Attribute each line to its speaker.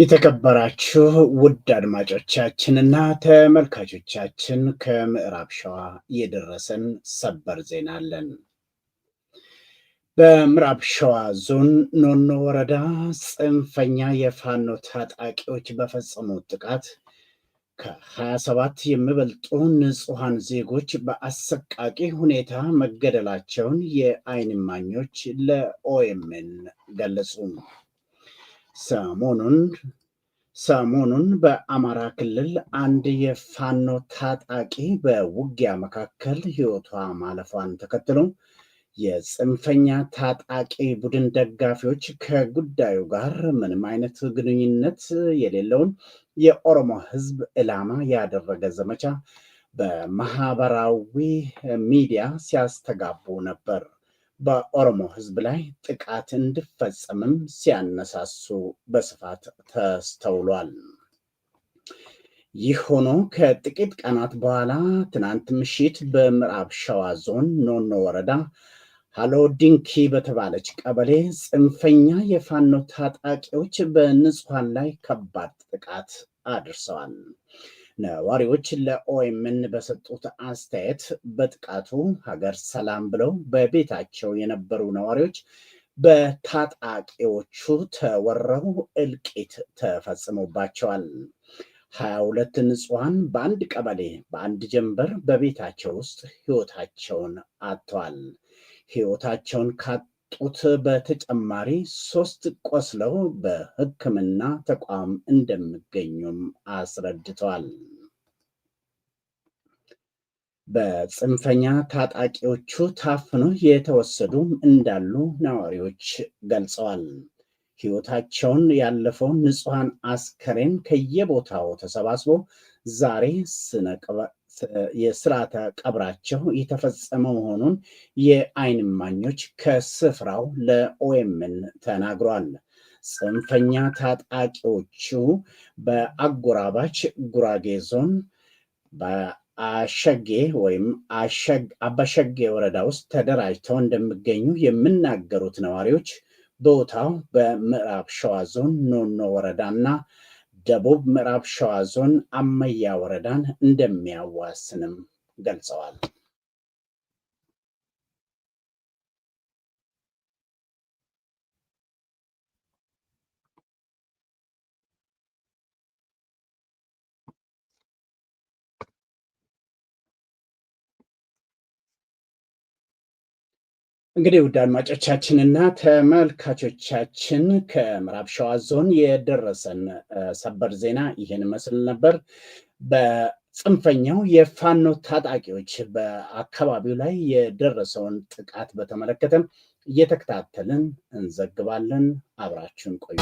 Speaker 1: የተከበራችሁ ውድ አድማጮቻችንና ተመልካቾቻችን ከምዕራብ ሸዋ የደረሰን ሰበር ዜና አለን። በምዕራብ ሸዋ ዞን ኖኖ ወረዳ ጽንፈኛ የፋኖ ታጣቂዎች በፈጸሙት ጥቃት ከ27 የሚበልጡ ንጹሐን ዜጎች በአሰቃቂ ሁኔታ መገደላቸውን የአይንማኞች እማኞች ለኦኤምን ገለጹ። ሰሞኑን ሰሞኑን በአማራ ክልል አንድ የፋኖ ታጣቂ በውጊያ መካከል ሕይወቷ ማለፏን ተከትሎ የጽንፈኛ ታጣቂ ቡድን ደጋፊዎች ከጉዳዩ ጋር ምንም አይነት ግንኙነት የሌለውን የኦሮሞ ሕዝብ ዕላማ ያደረገ ዘመቻ በማህበራዊ ሚዲያ ሲያስተጋቡ ነበር። በኦሮሞ ሕዝብ ላይ ጥቃት እንዲፈጸምም ሲያነሳሱ በስፋት ተስተውሏል። ይህ ሆኖ ከጥቂት ቀናት በኋላ ትናንት ምሽት በምዕራብ ሸዋ ዞን ኖኖ ወረዳ ሃሎ ዲንኪ በተባለች ቀበሌ ጽንፈኛ የፋኖ ታጣቂዎች በንጹሐን ላይ ከባድ ጥቃት አድርሰዋል። ነዋሪዎች ለኦኤምን በሰጡት አስተያየት በጥቃቱ ሀገር ሰላም ብለው በቤታቸው የነበሩ ነዋሪዎች በታጣቂዎቹ ተወረው እልቂት ተፈጽሞባቸዋል። ሀያ ሁለት ንጹሐን በአንድ ቀበሌ በአንድ ጀንበር በቤታቸው ውስጥ ህይወታቸውን አጥተዋል። ህይወታቸውን ካጡ ከመጡት በተጨማሪ ሶስት ቆስለው በሕክምና ተቋም እንደሚገኙም አስረድተዋል። በጽንፈኛ ታጣቂዎቹ ታፍኖ የተወሰዱም እንዳሉ ነዋሪዎች ገልጸዋል። ሕይወታቸውን ያለፈው ንጹሐን አስከሬን ከየቦታው ተሰባስቦ ዛሬ የስርዓተ ቀብራቸው የተፈጸመ መሆኑን የአይን እማኞች ከስፍራው ለኦኤምን ተናግሯል። ጽንፈኛ ታጣቂዎቹ በአጎራባች ጉራጌ ዞን በአሸጌ ወይም አባሸጌ ወረዳ ውስጥ ተደራጅተው እንደሚገኙ የሚናገሩት ነዋሪዎች ቦታው በምዕራብ ሸዋ ዞን ኖኖ ወረዳና ደቡብ ምዕራብ ሸዋ ዞን አመያ ወረዳን እንደሚያዋስንም ገልጸዋል። እንግዲህ ውድ አድማጮቻችንና ተመልካቾቻችን ከምዕራብ ሸዋ ዞን የደረሰን ሰበር ዜና ይህን መስል ነበር። በጽንፈኛው የፋኖ ታጣቂዎች በአካባቢው ላይ የደረሰውን ጥቃት በተመለከተ እየተከታተልን እንዘግባለን። አብራችሁን ቆዩ።